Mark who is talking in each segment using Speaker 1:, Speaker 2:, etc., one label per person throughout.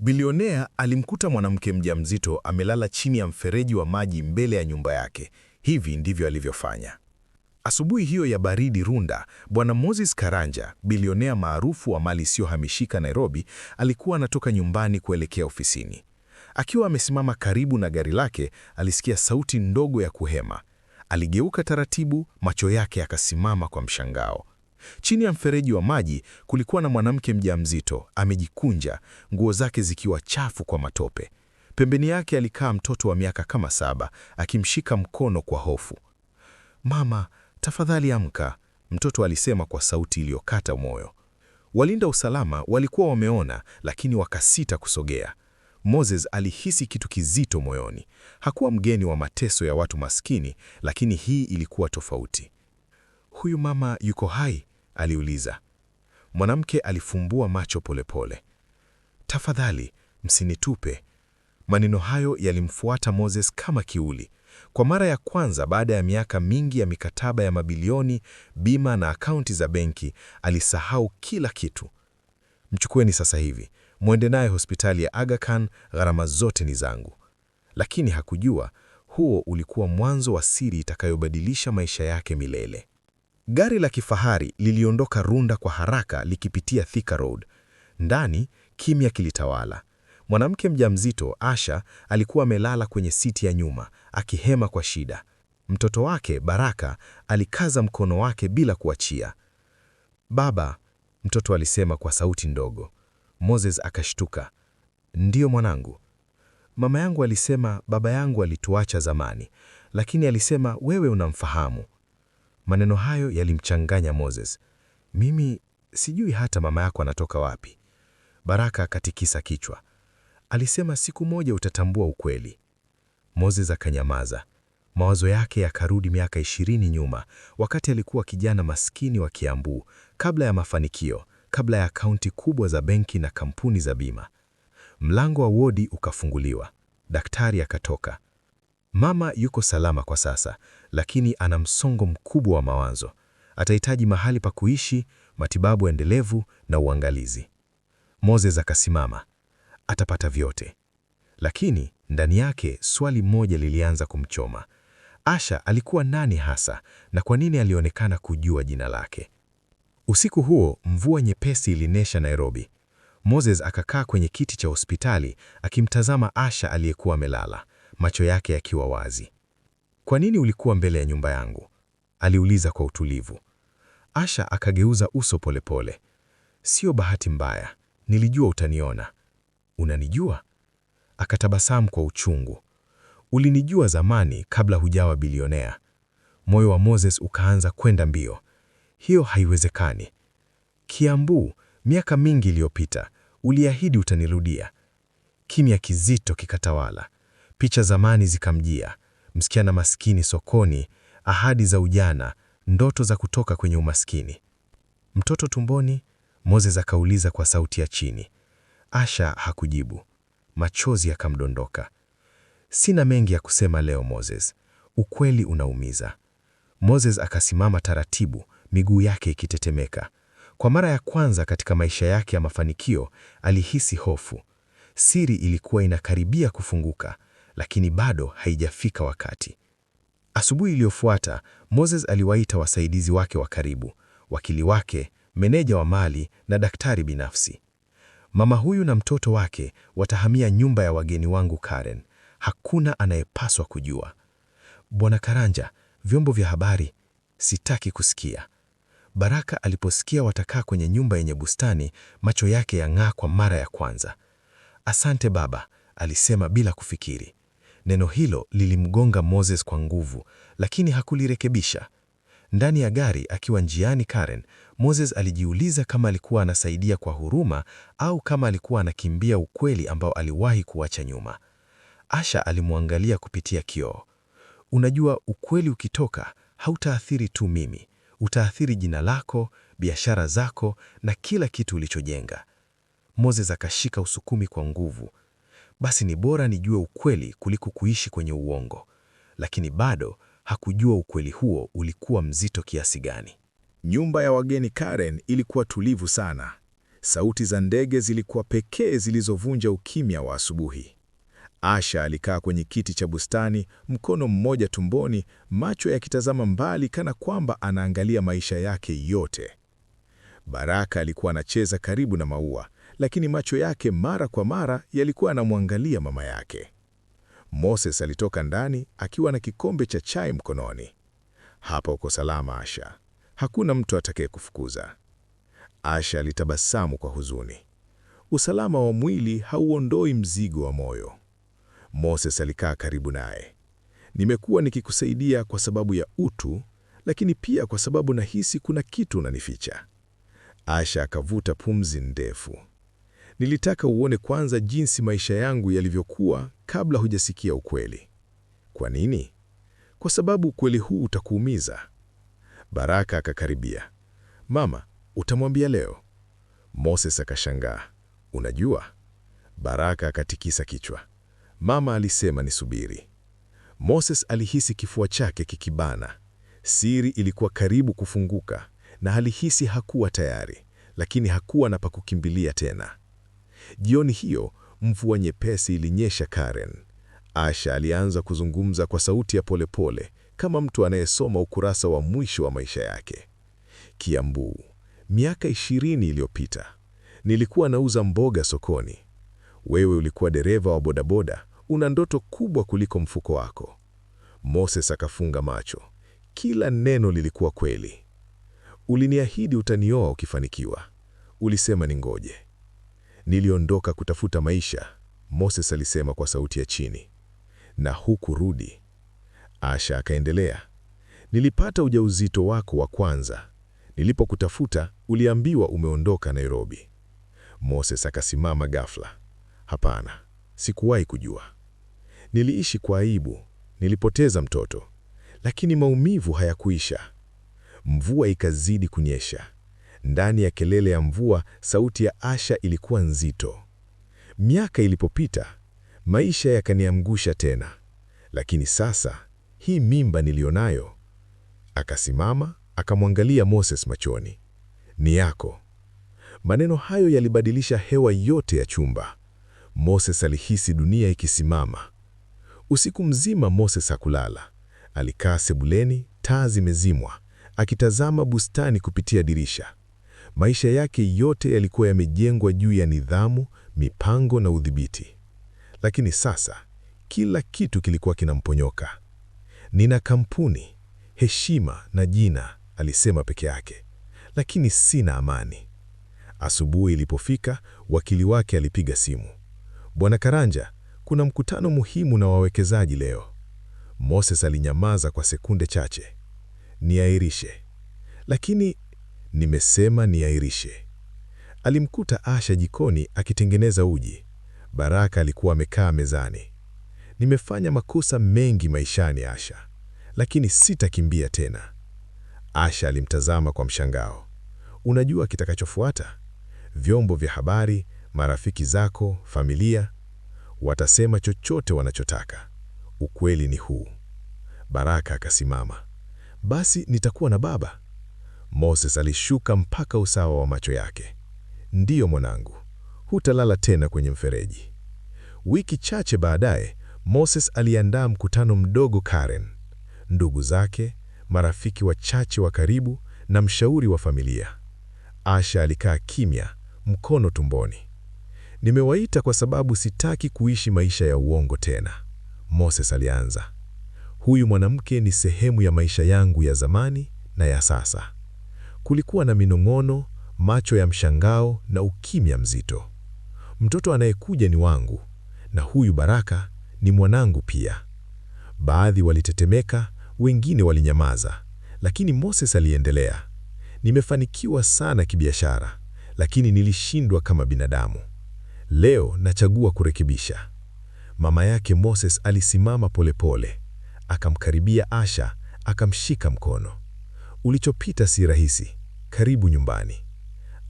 Speaker 1: Bilionea alimkuta mwanamke mjamzito amelala chini ya mfereji wa maji mbele ya nyumba yake. Hivi ndivyo alivyofanya. Asubuhi hiyo ya baridi runda, Bwana Moses Karanja, bilionea maarufu wa mali isiyohamishika Nairobi, alikuwa anatoka nyumbani kuelekea ofisini. Akiwa amesimama karibu na gari lake, alisikia sauti ndogo ya kuhema. Aligeuka taratibu, macho yake yakasimama kwa mshangao. Chini ya mfereji wa maji kulikuwa na mwanamke mjamzito amejikunja, nguo zake zikiwa chafu kwa matope. Pembeni yake alikaa mtoto wa miaka kama saba akimshika mkono kwa hofu. Mama, tafadhali amka, mtoto alisema kwa sauti iliyokata moyo. Walinda usalama walikuwa wameona, lakini wakasita kusogea. Moses alihisi kitu kizito moyoni. Hakuwa mgeni wa mateso ya watu maskini, lakini hii ilikuwa tofauti. Huyu mama yuko hai, aliuliza. Mwanamke alifumbua macho polepole pole. Tafadhali msinitupe. Maneno hayo yalimfuata Moses kama kiuli. Kwa mara ya kwanza baada ya miaka mingi ya mikataba ya mabilioni, bima na akaunti za benki, alisahau kila kitu. Mchukueni sasa hivi, mwende naye hospitali ya Aga Khan, gharama zote ni zangu. Lakini hakujua huo ulikuwa mwanzo wa siri itakayobadilisha maisha yake milele. Gari la kifahari liliondoka Runda kwa haraka likipitia Thika Road. Ndani kimya kilitawala. Mwanamke mjamzito Asha alikuwa amelala kwenye siti ya nyuma akihema kwa shida. Mtoto wake Baraka alikaza mkono wake bila kuachia. Baba, mtoto alisema kwa sauti ndogo. Moses akashtuka. Ndiyo mwanangu. Mama yangu alisema baba yangu alituacha zamani, lakini alisema wewe unamfahamu. Maneno hayo yalimchanganya Moses. Mimi sijui hata mama yako anatoka wapi. Baraka akatikisa kichwa. Alisema siku moja utatambua ukweli. Moses akanyamaza. Mawazo yake yakarudi miaka ishirini nyuma, wakati alikuwa kijana maskini wa Kiambu, kabla ya mafanikio, kabla ya akaunti kubwa za benki na kampuni za bima. Mlango wa wodi ukafunguliwa. Daktari akatoka. Mama yuko salama kwa sasa, lakini ana msongo mkubwa wa mawazo. Atahitaji mahali pa kuishi, matibabu endelevu na uangalizi. Moses akasimama. Atapata vyote. Lakini ndani yake swali moja lilianza kumchoma. Asha alikuwa nani hasa na kwa nini alionekana kujua jina lake? Usiku huo mvua nyepesi ilinesha Nairobi. Moses akakaa kwenye kiti cha hospitali akimtazama Asha aliyekuwa amelala macho yake yakiwa wazi. Kwa nini ulikuwa mbele ya nyumba yangu? aliuliza kwa utulivu. Asha akageuza uso polepole pole. Sio bahati mbaya, nilijua utaniona. Unanijua? Akatabasamu kwa uchungu. Ulinijua zamani kabla hujawa bilionea. Moyo wa Moses ukaanza kwenda mbio. Hiyo haiwezekani. Kiambu, miaka mingi iliyopita, uliahidi utanirudia. Kimya kizito kikatawala. Picha zamani zikamjia, msichana maskini sokoni, ahadi za ujana, ndoto za kutoka kwenye umaskini. Mtoto tumboni, Moses akauliza kwa sauti ya chini. Asha hakujibu, machozi yakamdondoka. Sina mengi ya kusema leo Moses, ukweli unaumiza. Moses akasimama taratibu, miguu yake ikitetemeka. Kwa mara ya kwanza katika maisha yake ya mafanikio, alihisi hofu. Siri ilikuwa inakaribia kufunguka lakini bado haijafika wakati. Asubuhi iliyofuata Moses aliwaita wasaidizi wake wa karibu, wakili wake, meneja wa mali na daktari binafsi. Mama huyu na mtoto wake watahamia nyumba ya wageni wangu Karen. Hakuna anayepaswa kujua. Bwana Karanja, vyombo vya habari, sitaki kusikia. Baraka aliposikia watakaa kwenye nyumba yenye bustani, macho yake yang'aa kwa mara ya kwanza. Asante baba, alisema bila kufikiri. Neno hilo lilimgonga Moses kwa nguvu, lakini hakulirekebisha. Ndani ya gari akiwa njiani Karen, Moses alijiuliza kama alikuwa anasaidia kwa huruma au kama alikuwa anakimbia ukweli ambao aliwahi kuacha nyuma. Asha alimwangalia kupitia kioo. Unajua, ukweli ukitoka hautaathiri tu mimi, utaathiri jina lako, biashara zako na kila kitu ulichojenga. Moses akashika usukumi kwa nguvu basi ni bora nijue ukweli kuliko kuishi kwenye uongo. Lakini bado hakujua ukweli huo ulikuwa mzito kiasi gani.
Speaker 2: Nyumba ya wageni Karen ilikuwa tulivu sana. Sauti za ndege zilikuwa pekee zilizovunja ukimya wa asubuhi. Asha alikaa kwenye kiti cha bustani, mkono mmoja tumboni, macho yakitazama mbali kana kwamba anaangalia maisha yake yote. Baraka alikuwa anacheza karibu na maua, lakini macho yake mara kwa mara yalikuwa anamwangalia mama yake. Moses alitoka ndani akiwa na kikombe cha chai mkononi. Hapa uko salama Asha, hakuna mtu atakayekufukuza. Asha alitabasamu kwa huzuni. Usalama wa mwili hauondoi mzigo wa moyo. Moses alikaa karibu naye. Nimekuwa nikikusaidia kwa sababu ya utu, lakini pia kwa sababu nahisi kuna kitu unanificha. Asha akavuta pumzi ndefu. Nilitaka uone kwanza jinsi maisha yangu yalivyokuwa kabla hujasikia ukweli. Kwa nini? Kwa sababu ukweli huu utakuumiza. Baraka akakaribia. Mama, utamwambia leo? Moses akashangaa. Unajua? Baraka akatikisa kichwa. Mama alisema nisubiri. Moses alihisi kifua chake kikibana. Siri ilikuwa karibu kufunguka na alihisi hakuwa tayari, lakini hakuwa na pa kukimbilia tena. Jioni hiyo mvua nyepesi ilinyesha Karen. Asha alianza kuzungumza kwa sauti ya polepole pole, kama mtu anayesoma ukurasa wa mwisho wa maisha yake. Kiambu, miaka ishirini iliyopita nilikuwa nauza mboga sokoni. Wewe ulikuwa dereva wa bodaboda, una ndoto kubwa kuliko mfuko wako. Moses akafunga macho. Kila neno lilikuwa kweli. Uliniahidi utanioa ukifanikiwa, ulisema ningoje. Niliondoka kutafuta maisha, Moses alisema kwa sauti ya chini, na hukurudi. Asha akaendelea, nilipata ujauzito wako wa kwanza. Nilipokutafuta uliambiwa umeondoka Nairobi. Moses akasimama ghafla. Hapana, sikuwahi kujua. Niliishi kwa aibu, nilipoteza mtoto, lakini maumivu hayakuisha. Mvua ikazidi kunyesha. Ndani ya kelele ya mvua, sauti ya Asha ilikuwa nzito. Miaka ilipopita, maisha yakaniangusha tena, lakini sasa hii mimba nilionayo. Akasimama, akamwangalia Moses machoni. Ni yako. Maneno hayo yalibadilisha hewa yote ya chumba. Moses alihisi dunia ikisimama. Usiku mzima Moses hakulala. Alikaa sebuleni, taa zimezimwa, akitazama bustani kupitia dirisha. Maisha yake yote yalikuwa yamejengwa juu ya nidhamu, mipango na udhibiti. Lakini sasa kila kitu kilikuwa kinamponyoka. Nina kampuni, heshima na jina, alisema peke yake, lakini sina amani. Asubuhi ilipofika, wakili wake alipiga simu. Bwana Karanja, kuna mkutano muhimu na wawekezaji leo. Moses alinyamaza kwa sekunde chache. Niairishe. Lakini Nimesema niairishe. Alimkuta Asha jikoni akitengeneza uji. Baraka alikuwa amekaa mezani. Nimefanya makosa mengi maishani, Asha, lakini sitakimbia tena. Asha alimtazama kwa mshangao. Unajua kitakachofuata? Vyombo vya habari, marafiki zako, familia, watasema chochote wanachotaka. Ukweli ni huu. Baraka akasimama. Basi nitakuwa na baba. Moses alishuka mpaka usawa wa macho yake. Ndiyo mwanangu, hutalala tena kwenye mfereji. Wiki chache baadaye, Moses aliandaa mkutano mdogo Karen, ndugu zake, marafiki wachache wa karibu na mshauri wa familia. Asha alikaa kimya, mkono tumboni. Nimewaita kwa sababu sitaki kuishi maisha ya uongo tena, Moses alianza. Huyu mwanamke ni sehemu ya maisha yangu ya zamani na ya sasa. Kulikuwa na minong'ono, macho ya mshangao na ukimya mzito. Mtoto anayekuja ni wangu, na huyu Baraka ni mwanangu pia. Baadhi walitetemeka, wengine walinyamaza, lakini Moses aliendelea. Nimefanikiwa sana kibiashara, lakini nilishindwa kama binadamu. Leo nachagua kurekebisha. Mama yake Moses alisimama polepole, akamkaribia Asha, akamshika mkono. Ulichopita si rahisi, karibu nyumbani.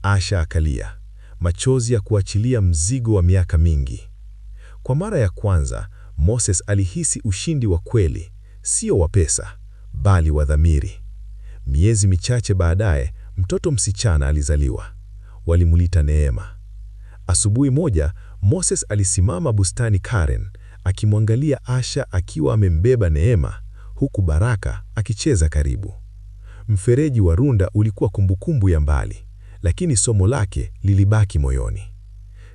Speaker 2: Asha akalia, machozi ya kuachilia mzigo wa miaka mingi. Kwa mara ya kwanza, Moses alihisi ushindi wa kweli, sio wa pesa, bali wa dhamiri. Miezi michache baadaye, mtoto msichana alizaliwa. Walimulita Neema. Asubuhi moja, Moses alisimama bustani Karen, akimwangalia Asha akiwa amembeba Neema, huku Baraka akicheza karibu. Mfereji wa Runda ulikuwa kumbukumbu ya mbali, lakini somo lake lilibaki moyoni.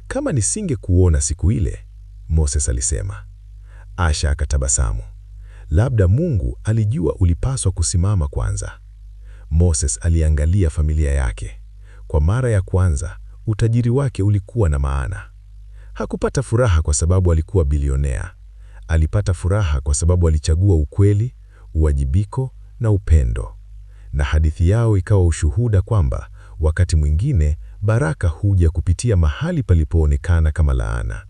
Speaker 2: Kama nisingekuona siku ile, Moses alisema. Asha akatabasamu. Labda Mungu alijua ulipaswa kusimama kwanza. Moses aliangalia familia yake. Kwa mara ya kwanza, utajiri wake ulikuwa na maana. Hakupata furaha kwa sababu alikuwa bilionea. Alipata furaha kwa sababu alichagua ukweli, uwajibiko na upendo na hadithi yao ikawa ushuhuda kwamba wakati mwingine baraka huja kupitia mahali palipoonekana kama laana.